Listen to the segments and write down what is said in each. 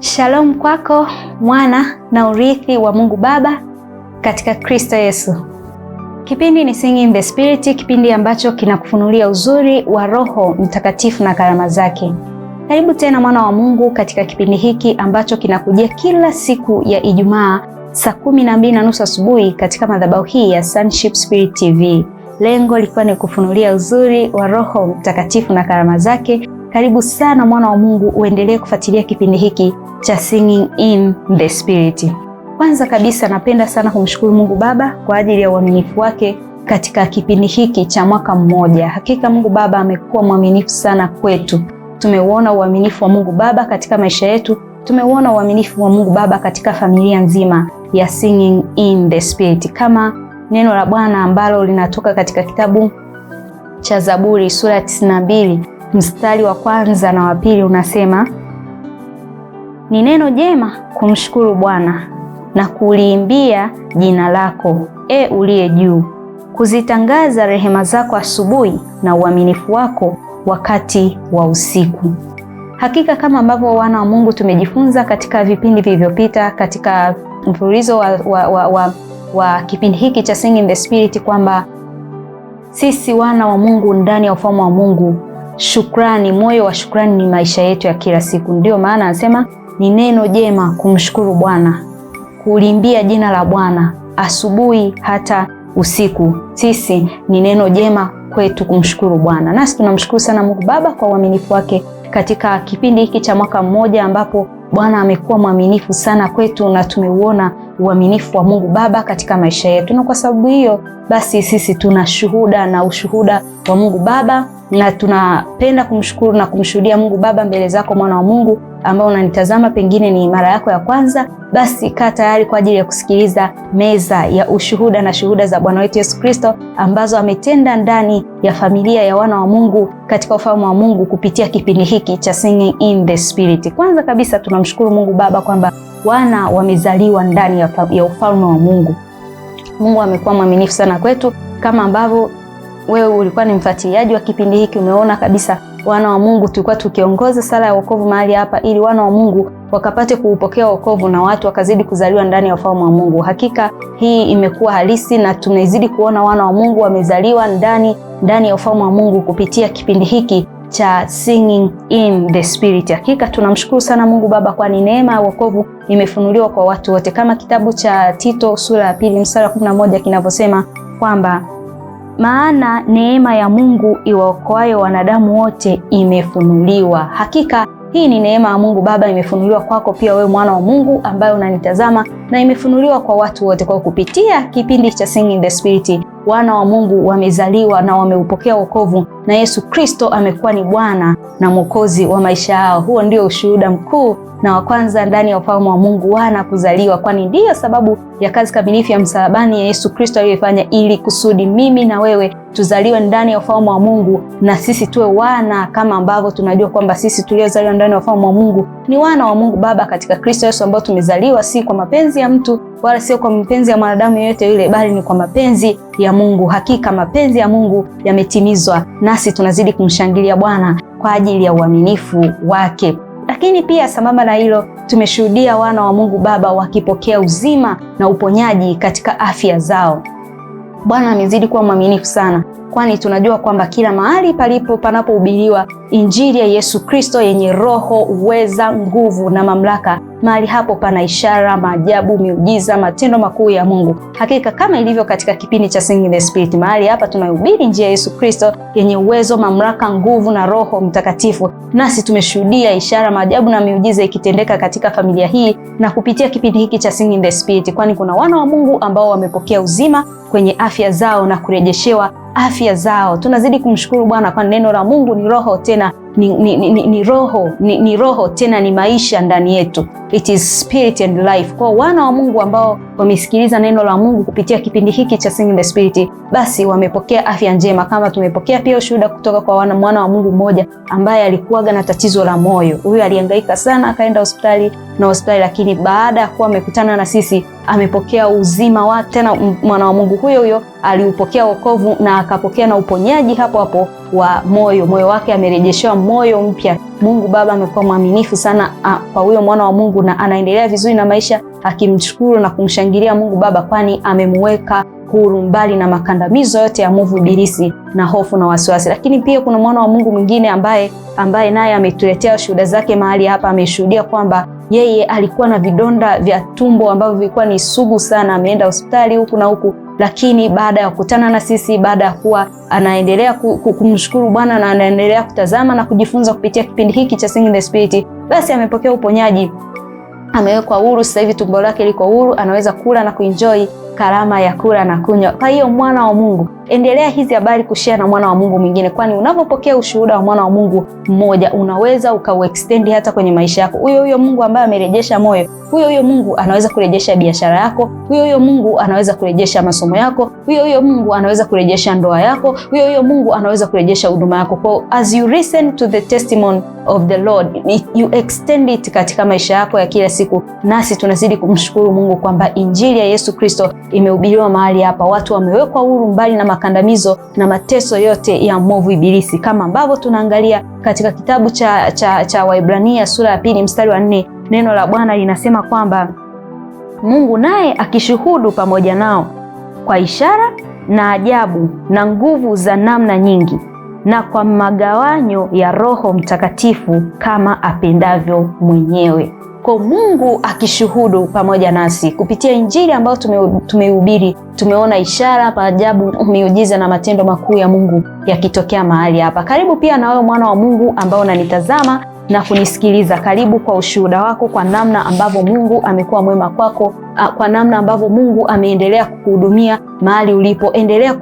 Shalom kwako mwana na urithi wa Mungu Baba katika Kristo Yesu. Kipindi ni Singing in the Spirit, kipindi ambacho kinakufunulia uzuri wa Roho Mtakatifu na karama zake. Karibu tena mwana wa Mungu katika kipindi hiki ambacho kinakujia kila siku ya Ijumaa saa kumi na mbili na nusu asubuhi katika madhabahu hii ya Sonship Spirit TV. Lengo likiwa ni kufunulia uzuri wa Roho Mtakatifu na karama zake karibu sana mwana wa Mungu, uendelee kufuatilia kipindi hiki cha Singing in the Spirit. Kwanza kabisa napenda sana kumshukuru Mungu Baba kwa ajili ya uaminifu wake katika kipindi hiki cha mwaka mmoja. Hakika Mungu Baba amekuwa mwaminifu sana kwetu. Tumeuona uaminifu wa Mungu Baba katika maisha yetu, tumeuona uaminifu wa Mungu Baba katika familia nzima ya Singing in the Spirit, kama neno la Bwana ambalo linatoka katika kitabu cha Zaburi sura ya 92 mstari wa kwanza na wa pili unasema ni neno jema kumshukuru Bwana na kuliimbia jina lako, e uliye juu, kuzitangaza rehema zako asubuhi na uaminifu wako wakati wa usiku. Hakika kama ambavyo wana wa Mungu tumejifunza katika vipindi vilivyopita katika mfululizo wa, wa, wa, wa, wa kipindi hiki cha Singing in the Spirit kwamba sisi wana wa Mungu ndani ya ufalme wa Mungu shukrani, moyo wa shukrani ni maisha yetu ya kila siku. ndio maana anasema ni neno jema kumshukuru Bwana, kulimbia jina la Bwana asubuhi hata usiku. Sisi ni neno jema kwetu kumshukuru Bwana, nasi tunamshukuru sana Mungu Baba kwa uaminifu wake katika kipindi hiki cha mwaka mmoja ambapo Bwana amekuwa mwaminifu sana kwetu na tumeuona uaminifu wa Mungu Baba katika maisha yetu, na kwa sababu hiyo basi sisi tuna shuhuda na ushuhuda wa Mungu Baba na tunapenda kumshukuru na kumshuhudia Mungu Baba mbele zako mwana wa Mungu ambao unanitazama, pengine ni mara yako ya kwanza, basi kaa tayari kwa ajili ya kusikiliza meza ya ushuhuda na shuhuda za Bwana wetu Yesu Kristo ambazo ametenda ndani ya familia ya wana wa Mungu katika ufalme wa Mungu kupitia kipindi hiki cha Singing in the Spirit. Kwanza kabisa tunamshukuru Mungu Baba kwamba wana wamezaliwa ndani ya ufalme wa Mungu. Mungu amekuwa mwaminifu sana kwetu kama ambavyo wewe ulikuwa ni mfuatiliaji wa kipindi hiki, umeona kabisa wana wa Mungu tulikuwa tukiongoza sala ya wokovu mahali hapa, ili wana wa Mungu wakapate kuupokea wokovu na watu wakazidi kuzaliwa ndani ya ufalme wa Mungu. Hakika hii imekuwa halisi na tunaizidi kuona wana wa Mungu wamezaliwa ndani ndani ya ufalme wa Mungu kupitia kipindi hiki cha Singing in the Spirit. Hakika tunamshukuru sana Mungu Baba, kwani neema ya wokovu imefunuliwa kwa watu wote, kama kitabu cha Tito sura ya pili mstari wa 11 kinavyosema kwamba maana neema ya Mungu iwaokoayo wanadamu wote imefunuliwa. Hakika hii ni neema ya Mungu Baba imefunuliwa kwako pia wewe mwana wa Mungu ambaye unanitazama na imefunuliwa kwa watu wote kwa kupitia kipindi cha Singing the Spirit. Wana wa Mungu wamezaliwa na wameupokea wokovu na Yesu Kristo amekuwa ni Bwana na Mwokozi wa maisha yao. Huo ndio ushuhuda mkuu na wa kwanza ndani ya ufalme wa Mungu, wana kuzaliwa, kwani ndiyo sababu ya kazi kamilifu ya msalabani ya Yesu Kristo aliyoifanya ili kusudi mimi na wewe tuzaliwe ndani ya ufalme wa Mungu na sisi tuwe wana, kama ambavyo tunajua kwamba sisi tuliozaliwa ndani ya ufalme wa Mungu ni wana wa Mungu Baba katika Kristo Yesu, ambao tumezaliwa si kwa mapenzi ya mtu wala sio kwa mapenzi ya mwanadamu yeyote yule, bali ni kwa mapenzi ya Mungu. Hakika mapenzi ya Mungu yametimizwa, nasi tunazidi kumshangilia Bwana kwa ajili ya uaminifu wake. Lakini pia sambamba na hilo, tumeshuhudia wana wa Mungu Baba wakipokea uzima na uponyaji katika afya zao. Bwana amezidi kuwa mwaminifu sana kwani tunajua kwamba kila mahali palipo panapohubiriwa Injili ya Yesu Kristo yenye roho, uweza, nguvu na mamlaka, mahali hapo pana ishara, maajabu, miujiza, matendo makuu ya Mungu. Hakika kama ilivyo katika kipindi cha Singing the Spirit, mahali hapa tunahubiri Injili ya Yesu Kristo yenye uwezo, mamlaka, nguvu na Roho Mtakatifu, nasi tumeshuhudia ishara, maajabu na miujiza ikitendeka katika familia hii na kupitia kipindi hiki cha Singing the Spirit, kwani kuna wana wa Mungu ambao wamepokea uzima kwenye afya zao na kurejeshewa afya zao. Tunazidi kumshukuru Bwana, kwa neno la Mungu ni roho tena ni, ni, ni, ni roho ni, ni roho tena ni maisha ndani yetu, it is spirit and life. Kwa wana wa Mungu ambao wamesikiliza neno la Mungu kupitia kipindi hiki cha Singing the Spirit, basi wamepokea afya njema, kama tumepokea pia ushuhuda kutoka kwa wana, mwana wa Mungu mmoja ambaye alikuwaga na tatizo la moyo. Huyu alihangaika sana, akaenda hospitali na hospitali, lakini baada ya kuwa amekutana na sisi amepokea uzima wa tena. Mwana wa Mungu huyo huyo aliupokea wokovu na akapokea na uponyaji hapo hapo wa moyo, moyo wake amerejeshewa moyo mpya. Mungu Baba amekuwa mwaminifu sana a, kwa huyo mwana wa Mungu na anaendelea vizuri na maisha akimshukuru na kumshangilia Mungu Baba, kwani amemweka huru mbali na makandamizo yote ya mwovu ibilisi na hofu na wasiwasi. Lakini pia kuna mwana wa Mungu mwingine ambaye ambaye naye ametuletea shuhuda zake mahali hapa, ameshuhudia kwamba yeye alikuwa na vidonda vya tumbo ambavyo vilikuwa ni sugu sana, ameenda hospitali huku na huku lakini baada ya kukutana na sisi, baada ya kuwa anaendelea kumshukuru Bwana na anaendelea kutazama na kujifunza kupitia kipindi hiki cha Sing the Spirit, basi amepokea uponyaji, amewekwa huru. Sasa hivi tumbo lake liko huru, anaweza kula na kuenjoy karama ya kula na kunywa. Kwa hiyo mwana wa Mungu, endelea hizi habari kushare na mwana wa Mungu mwingine, kwani unapopokea ushuhuda wa mwana wa Mungu mmoja unaweza ukauextend hata kwenye maisha yako. Huyo huyo Mungu ambaye amerejesha moyo, huyo huyo Mungu anaweza kurejesha biashara yako, huyo huyo Mungu anaweza kurejesha masomo yako, huyo huyo Mungu anaweza kurejesha ndoa yako, huyo huyo Mungu anaweza kurejesha huduma yako. Kwa as you listen to the testimony of the Lord, you extend it katika maisha yako ya kila siku, nasi tunazidi kumshukuru Mungu kwamba injili ya Yesu Kristo imehubiriwa mahali hapa, watu wamewekwa huru mbali na makandamizo na mateso yote ya mwovu Ibilisi, kama ambavyo tunaangalia katika kitabu cha, cha, cha Waibrania sura ya pili mstari wa nne. Neno la Bwana linasema kwamba Mungu naye akishuhudu pamoja nao kwa ishara na ajabu na nguvu za namna nyingi na kwa magawanyo ya Roho Mtakatifu kama apendavyo mwenyewe kwa Mungu akishuhudu pamoja nasi kupitia Injili ambayo tumehubiri Tumeona ishara, maajabu, miujiza na matendo makuu ya Mungu yakitokea mahali hapa. Karibu pia na wewe mwana wa Mungu ambao unanitazama na kunisikiliza, karibu kwa ushuhuda wako, kwa namna ambavyo Mungu amekuwa mwema kwako, kwa namna ambavyo Mungu ameendelea kukuhudumia mahali ulipo. Endelea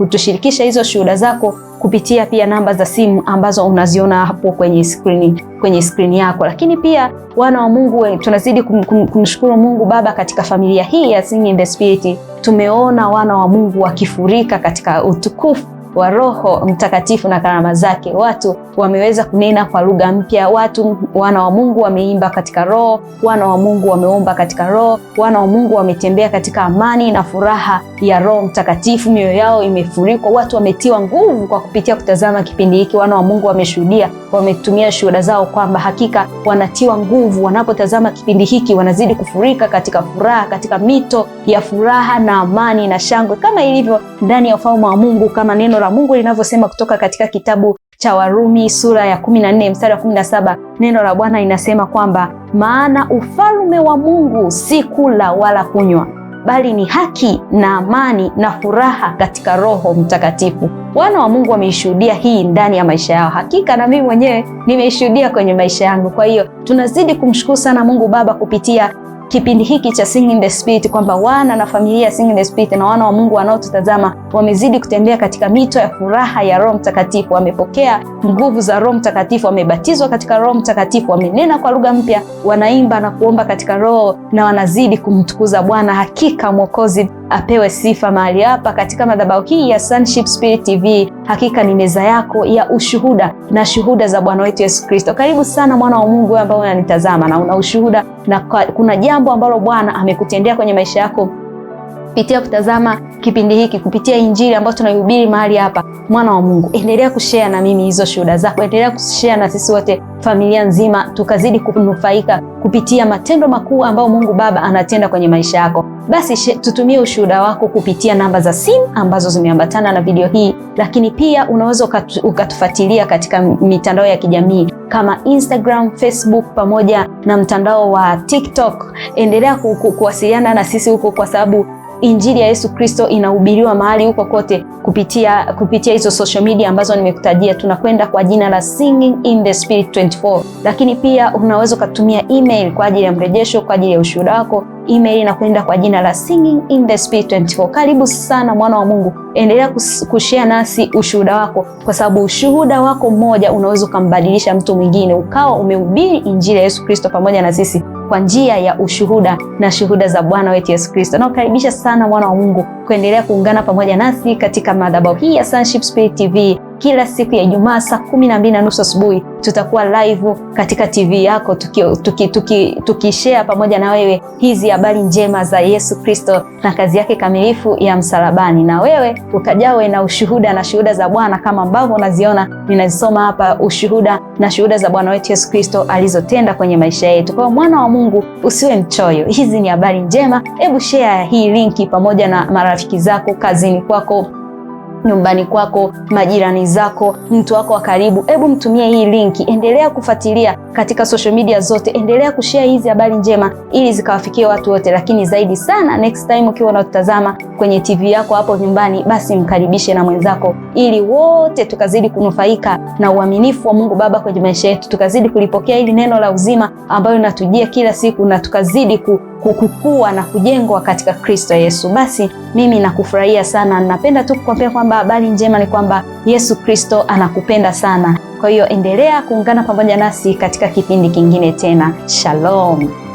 kutushirikisha hizo shuhuda zako kupitia pia namba za simu ambazo unaziona hapo kwenye skrini kwenye skrini yako. Lakini pia wana wa Mungu, tunazidi kum, kum, kumshukuru Mungu Baba katika familia hii ya Singing in the Spirit. Tumeona wana wa Mungu wakifurika katika utukufu wa Roho Mtakatifu na karama zake. Watu wameweza kunena kwa lugha mpya, watu wana wa Mungu wameimba katika Roho, wana wa Mungu wameomba katika Roho, wana wa Mungu wametembea katika amani na furaha ya Roho Mtakatifu, mioyo yao imefurikwa, watu wametiwa nguvu kwa kupitia kutazama kipindi hiki. Wana wa Mungu wameshuhudia, wametumia shuhuda zao kwamba hakika wanatiwa nguvu wanapotazama kipindi hiki, wanazidi kufurika katika furaha, katika mito ya furaha na amani na shangwe, kama ilivyo ndani ya ufalme wa Mungu, kama neno la Mungu linavyosema kutoka katika kitabu cha Warumi sura ya 14 mstari wa 17. Neno la Bwana linasema kwamba maana ufalme wa Mungu si kula wala kunywa, bali ni haki na amani na furaha katika Roho Mtakatifu. Wana wa Mungu wameishuhudia hii ndani ya maisha yao. Hakika na mimi mwenyewe nimeishuhudia kwenye maisha yangu. Kwa hiyo tunazidi kumshukuru sana Mungu Baba kupitia kipindi hiki cha Singing in the Spirit kwamba wana na familia ya Singing in the Spirit na wana wa Mungu wanaotutazama wamezidi kutembea katika mito ya furaha ya Roho Mtakatifu, wamepokea nguvu za Roho Mtakatifu, wamebatizwa katika Roho Mtakatifu, wamenena kwa lugha mpya, wanaimba na kuomba katika Roho na wanazidi kumtukuza Bwana. Hakika Mwokozi apewe sifa mahali hapa katika madhabahu hii ya Sonship Spirit TV. Hakika ni meza yako ya ushuhuda na shuhuda za Bwana wetu Yesu Kristo. Karibu sana mwana wa Mungu, wewe ambao unanitazama na una ushuhuda na kuna jambo ambalo Bwana amekutendea kwenye maisha yako kupitia kutazama kipindi hiki, kupitia injili ambayo tunaihubiri mahali hapa, mwana wa Mungu, endelea kushare na mimi hizo shuhuda zako, endelea kushare na sisi wote, familia nzima, tukazidi kunufaika kupitia matendo makuu ambayo Mungu Baba anatenda kwenye maisha yako. Basi tutumie ushuhuda wako kupitia namba za simu ambazo zimeambatana na video hii, lakini pia unaweza ukatufuatilia katika mitandao ya kijamii kama Instagram, Facebook pamoja na mtandao wa TikTok. Endelea kuwasiliana na sisi huko kwa sababu injili ya Yesu Kristo inahubiriwa mahali huko kote kupitia kupitia hizo social media ambazo nimekutajia. Tunakwenda kwa jina la Singing in the Spirit 24, lakini pia unaweza ukatumia email kwa ajili ya mrejesho, kwa ajili ya ushuhuda wako. Email inakwenda kwa jina la Singing in the Spirit 24. Karibu sana mwana wa Mungu, endelea kushare nasi ushuhuda wako, kwa sababu ushuhuda wako mmoja unaweza ukambadilisha mtu mwingine, ukawa umehubiri injili ya Yesu Kristo pamoja na sisi kwa njia ya ushuhuda na shuhuda za Bwana wetu Yesu Kristo. Nakukaribisha sana mwana wa Mungu kuendelea kuungana pamoja nasi katika madhabahu hii ya Sonship Spirit TV kila siku ya Ijumaa saa kumi na mbili na nusu asubuhi tutakuwa live katika TV yako tukishare tuki, tuki, tuki pamoja na wewe hizi habari njema za Yesu Kristo na kazi yake kamilifu ya msalabani, na wewe ukajawe na ushuhuda na shuhuda za Bwana kama ambavyo unaziona ninazisoma hapa, ushuhuda na shuhuda za Bwana wetu Yesu Kristo alizotenda kwenye maisha yetu. Kwa mwana wa Mungu, usiwe mchoyo, hizi ni habari njema. Hebu share hii linki pamoja na marafiki zako, kazini kwako nyumbani kwako, majirani zako, mtu wako wa karibu. Hebu mtumie hii linki, endelea kufuatilia katika social media zote, endelea kushare hizi habari njema ili zikawafikia watu wote. Lakini zaidi sana, next time ukiwa unatutazama kwenye TV yako hapo nyumbani, basi mkaribishe na mwenzako, ili wote tukazidi kunufaika na uaminifu wa Mungu Baba kwenye maisha yetu, tukazidi kulipokea hili neno la uzima ambayo natujia kila siku na tukazidi ku kukukua na kujengwa katika Kristo Yesu. Basi mimi nakufurahia sana, napenda tu kukwambia kwamba habari njema ni kwamba Yesu Kristo anakupenda sana. Kwa hiyo endelea kuungana pamoja nasi katika kipindi kingine tena. Shalom.